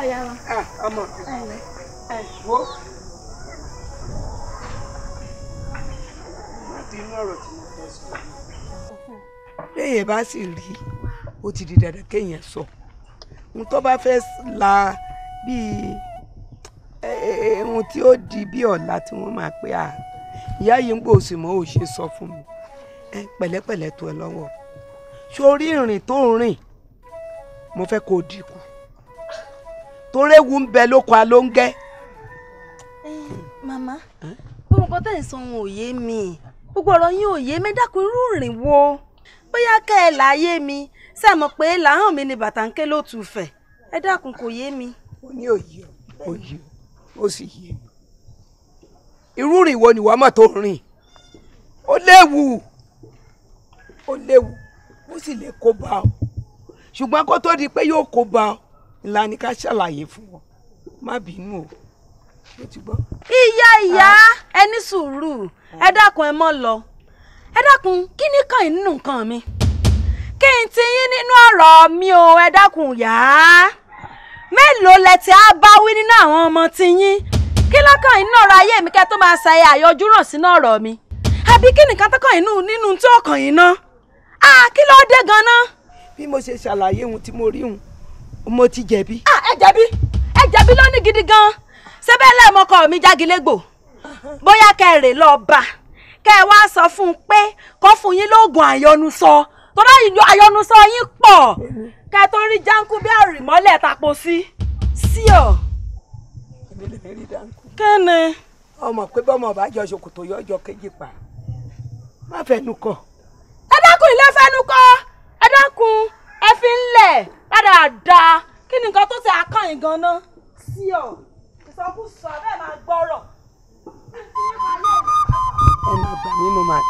lẹ́ ya wa. ẹ ah, ọmọ ẹ eh, wo. má bínú ọ̀rọ̀ tí mo fẹ́ sọ. léèyàn bá sì rí ó ti di dandan kéèyàn sọ ohun tó bá fẹ́ la bíi ohun tí ó di bí ọ̀la tí wọ́n máa pé à ìyá yìí ń gbò sí mọ́ ò ṣe sọ fún mi pẹ̀lẹ́pẹ̀lẹ́ tó ẹ lọ́wọ́ sórí ìrìn tó ń rìn mo fẹ́ kó o dínkù toréwu ń bẹ lóko alóńgẹ́. màmá gbogbo nǹkan tẹ̀ ń sọ ohun òye mi gbogbo ọ̀rọ̀ yín òye mi dákun irú rìn wo bóyá kẹ́ ẹ láàyè mi ṣe mọ̀ pé làáhàn mi ni bàtà ń ké lóòtú fẹ̀ ẹ dákun kò yé mi. ó ní òye ó yé o sì yé mi irú rìn wo ni wàá mọ̀ tó rìn ó léwu ó léwu ó sì lè kó bá ọ ṣùgbọ́n kó tó di pé yóò kó bá ọ ńlá ni ká ṣàlàyé fún wọn má bínú o ló ti gbọ́. ìyá ìyá ah. ẹ ní sùúrù ẹ dákun ẹ mọ lọ ẹ dákun kí ni kàn nínú nǹkan mi kí n ti yín nínú ọ̀rọ̀ mi o ẹ dákun yá mélòó lẹ ti á bá wí nínú àwọn ọmọ tí yín kí lọ́kàn inú ọ̀rọ̀ ayé mi kẹ́ tó máa ṣàyẹ àyọjú ràn sínú ọ̀rọ̀ mi àbí kí nìkan tó kàn inú nínú tí ó kàn yín ná à kí ló dé ganan. bí mo ṣe ṣàlàyé ohun tí mo rí ohun mo ti jẹ̀bi. ah ẹ jẹ̀bi ẹ jẹ̀bi lónìí gidi gan sẹ́bẹ̀ lẹ́ẹ̀mọkọ mi jágilégbò bóyá kẹrè lọ bá kẹ ẹ wá sọ fún un pé kó fún yín lóògùn àyọnusọ tó bá àyọnusọ yín pọ̀ kẹ tó rí jáǹkú bí àrìmọ́lẹ̀ tapo sí sí ọ. kẹ́ni. ọmọ pé bọ́mọ bá jọ ṣòkòtò yọ ọjọ́ kejì pa má fẹnu kọ. ẹ dákun ilé fẹnu kọ ẹ dákun ẹ fi ń lẹ̀ rádaràda kí ni nǹkan tó ṣe akànyìn ganan sí ọ ìsọkúsọ bẹ́ẹ̀ máa gbọ́rọ̀. ẹ máa gbà mí mo máa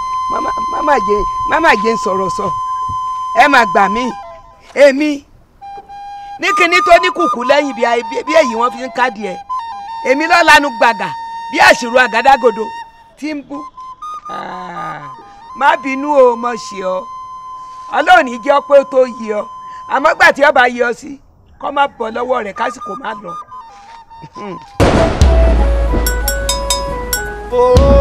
máma jẹ máma jẹ ń sọ̀rọ̀ sọ ẹ máa gbà mí èmi ní kinní tó ní kùkù lẹ́yìn bí èyí wọ́n fi ń káàdì ẹ̀ èmi lọ́ọ́ gbàgà bí àṣírò àgádágodo tí ń bú ah, má bínú o mọ̀ ṣe ọ ọlọ́ọ̀ni jẹ́ pé ó tó yí ọ àmọ́ gbà tí ọba yọ sí kọ́ má bọ̀ lọ́wọ́ rẹ̀ kásìkò má lọ. ooo.